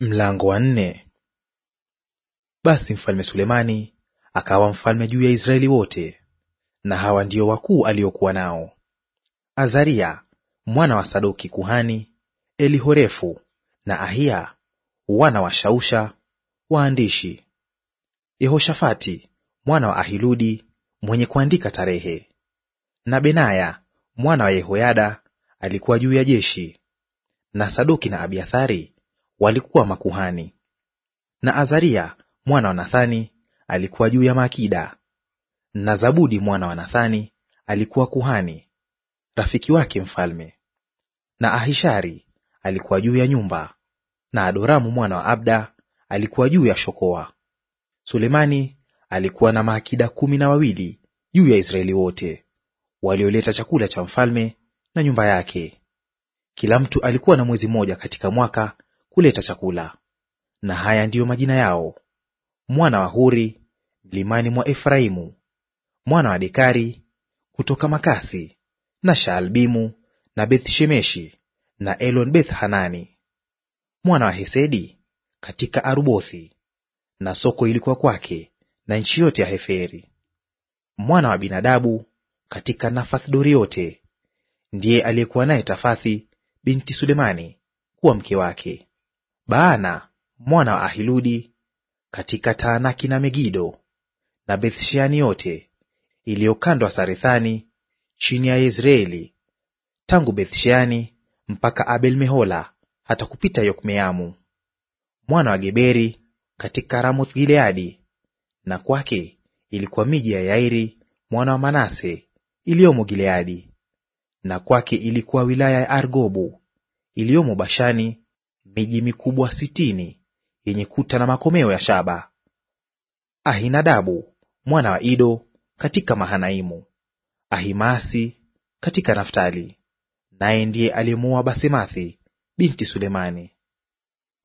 Mlango wa nne. Basi mfalme Sulemani akawa mfalme juu ya Israeli wote, na hawa ndio wakuu aliokuwa nao: Azaria mwana wa Sadoki kuhani, Elihorefu na ahia wana wa Shausha waandishi, Yehoshafati mwana wa Ahiludi mwenye kuandika tarehe, na Benaya mwana wa Yehoyada alikuwa juu ya jeshi, na Sadoki na Abiathari walikuwa makuhani, na Azaria mwana wa Nathani alikuwa juu ya maakida, na Zabudi mwana wa Nathani alikuwa kuhani, rafiki wake mfalme, na Ahishari alikuwa juu ya nyumba, na Adoramu mwana wa Abda alikuwa juu ya shokoa. Sulemani alikuwa na maakida kumi na wawili juu ya Israeli wote, walioleta chakula cha mfalme na nyumba yake. Kila mtu alikuwa na mwezi mmoja katika mwaka kuleta chakula. Na haya ndiyo majina yao: mwana wa Huri mlimani mwa Efraimu, mwana wa Dekari kutoka Makasi na Shaalbimu na Bethshemeshi na Elon Beth Hanani, mwana wa Hesedi katika Arubothi, na soko ilikuwa kwake na nchi yote ya Heferi, mwana wa Binadabu katika Nafath Dori yote, ndiye aliyekuwa naye Tafathi binti Sulemani kuwa mke wake. Baana mwana wa Ahiludi, katika Taanaki na Megido na Bethshani yote iliyo Sarethani chini ya Yezreeli, tangu Bethshani mpaka Abel-Mehola hata kupita Yokmeamu, mwana wa Geberi, katika Ramoth Gileadi, na kwake ilikuwa miji ya Yairi mwana wa Manase iliyomo Gileadi, na kwake ilikuwa wilaya ya Argobu iliyomo Bashani miji mikubwa sitini yenye kuta na makomeo ya shaba. Ahinadabu mwana wa Ido katika Mahanaimu, Ahimasi katika Naftali, naye ndiye aliyemuoa Basemathi binti Sulemani.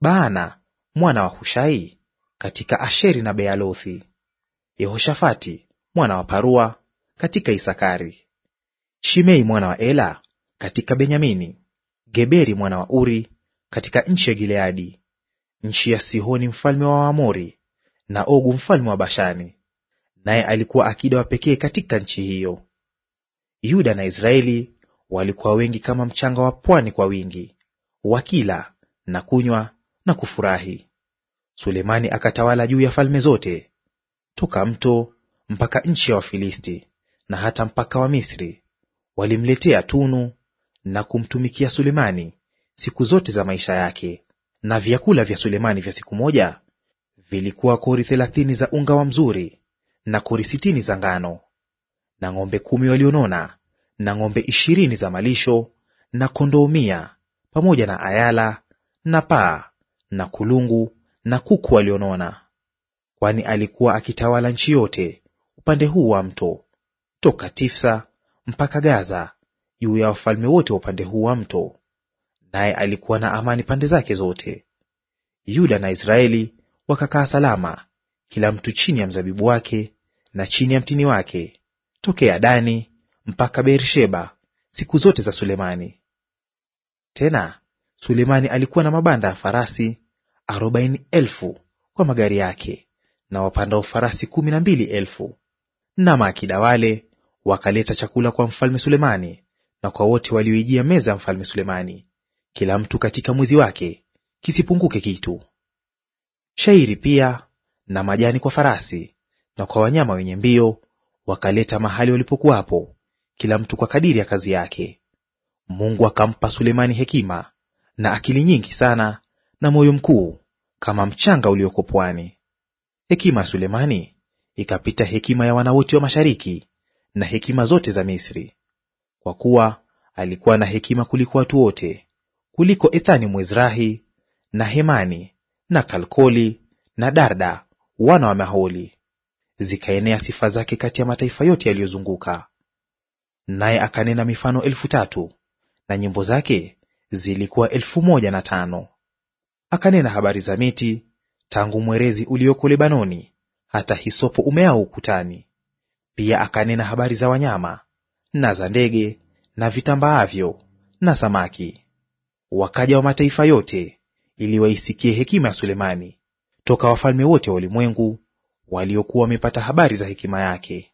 Baana mwana wa Hushai katika Asheri na Bealothi, Yehoshafati mwana wa Parua katika Isakari, Shimei mwana wa Ela katika Benyamini, Geberi mwana wa Uri katika nchi ya Gileadi, nchi ya Sihoni mfalme wa Waamori na Ogu mfalme wa Bashani, naye alikuwa akida wa pekee katika nchi hiyo. Yuda na Israeli walikuwa wengi kama mchanga wa pwani kwa wingi, wakila na kunywa na kufurahi. Sulemani akatawala juu ya falme zote toka mto mpaka nchi ya Wafilisti na hata mpaka wa Misri. Walimletea tunu na kumtumikia Sulemani siku zote za maisha yake. Na vyakula vya Sulemani vya siku moja vilikuwa kori thelathini za unga wa mzuri na kori sitini za ngano na ng'ombe kumi walionona na ng'ombe ishirini za malisho na kondoo mia pamoja na ayala na paa na kulungu na kuku walionona, kwani alikuwa akitawala nchi yote upande huu wa mto toka Tifsa mpaka Gaza juu ya wafalme wote wa upande huu wa mto naye alikuwa na amani pande zake zote. Yuda na Israeli wakakaa salama, kila mtu chini ya mzabibu wake na chini ya mtini wake, tokea Dani mpaka Beersheba, siku zote za Sulemani. Tena Sulemani alikuwa na mabanda ya farasi arobaini elfu kwa magari yake na wapandao farasi kumi na mbili elfu. Na maakida wale wakaleta chakula kwa mfalme Sulemani na kwa wote walioijia meza ya mfalme Sulemani, kila mtu katika mwezi wake, kisipunguke kitu. Shairi pia na majani kwa farasi na kwa wanyama wenye mbio wakaleta mahali walipokuwapo, kila mtu kwa kadiri ya kazi yake. Mungu akampa Sulemani hekima na akili nyingi sana na moyo mkuu kama mchanga ulioko pwani. Hekima ya Sulemani ikapita hekima ya wana wote wa mashariki na hekima zote za Misri, kwa kuwa alikuwa na hekima kuliko watu wote kuliko Ethani Mwezrahi na Hemani na Kalkoli na Darda wana wa Maholi. Zikaenea sifa zake kati ya mataifa yote yaliyozunguka. Naye akanena mifano elfu tatu na nyimbo zake zilikuwa elfu moja na tano. Akanena habari za miti tangu mwerezi ulioko Lebanoni hata hisopo umeao ukutani. Pia akanena habari za wanyama na za ndege na vitambaavyo na samaki. Wakaja wa mataifa yote ili waisikie hekima ya Sulemani, toka wafalme wote wa ulimwengu waliokuwa wamepata habari za hekima yake.